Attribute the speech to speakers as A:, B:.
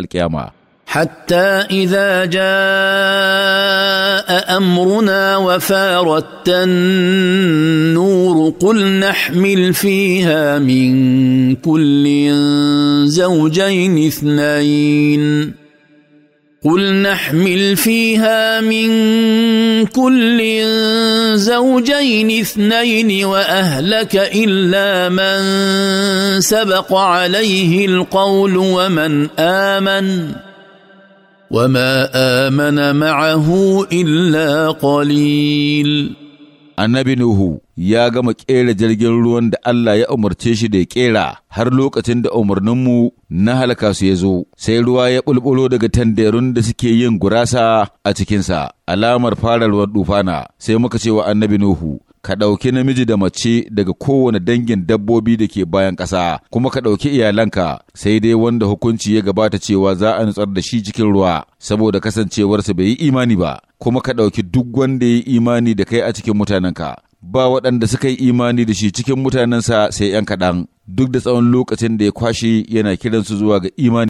A: القيامة
B: حتى اذا جاء امرنا وفارت النور قل نحمل فيها من كل زوجين اثنين قل نحمل فيها من كل زوجين اثنين واهلك الا من سبق عليه القول ومن امن وما امن معه الا
A: قليل annabi Nuhu ya gama ƙera jirgin ruwan da Allah ya umarce shi da ya ƙera har lokacin da umarninmu na halaka su ya zo, sai ruwa ya ɓulɓulo daga tanderun da suke yin gurasa a cikinsa, alamar fara fararwar dufana, sai muka ce wa annabi Nuhu, ka ɗauki namiji da mace daga kowane dangin dabbobi da ke bayan ƙasa, kuma ka ɗauki iyalanka, sai dai wanda hukunci ya gabata cewa za a nutsar da shi cikin ruwa, saboda kasancewarsa bai yi imani ba. kuma ka ɗauki duk wanda ya yi imani da kai a cikin mutanenka, ba waɗanda suka yi imani da shi cikin mutanensa sai ’yan kaɗan, duk da tsawon lokacin da ya kwashe yana kiransu zuwa ga imani.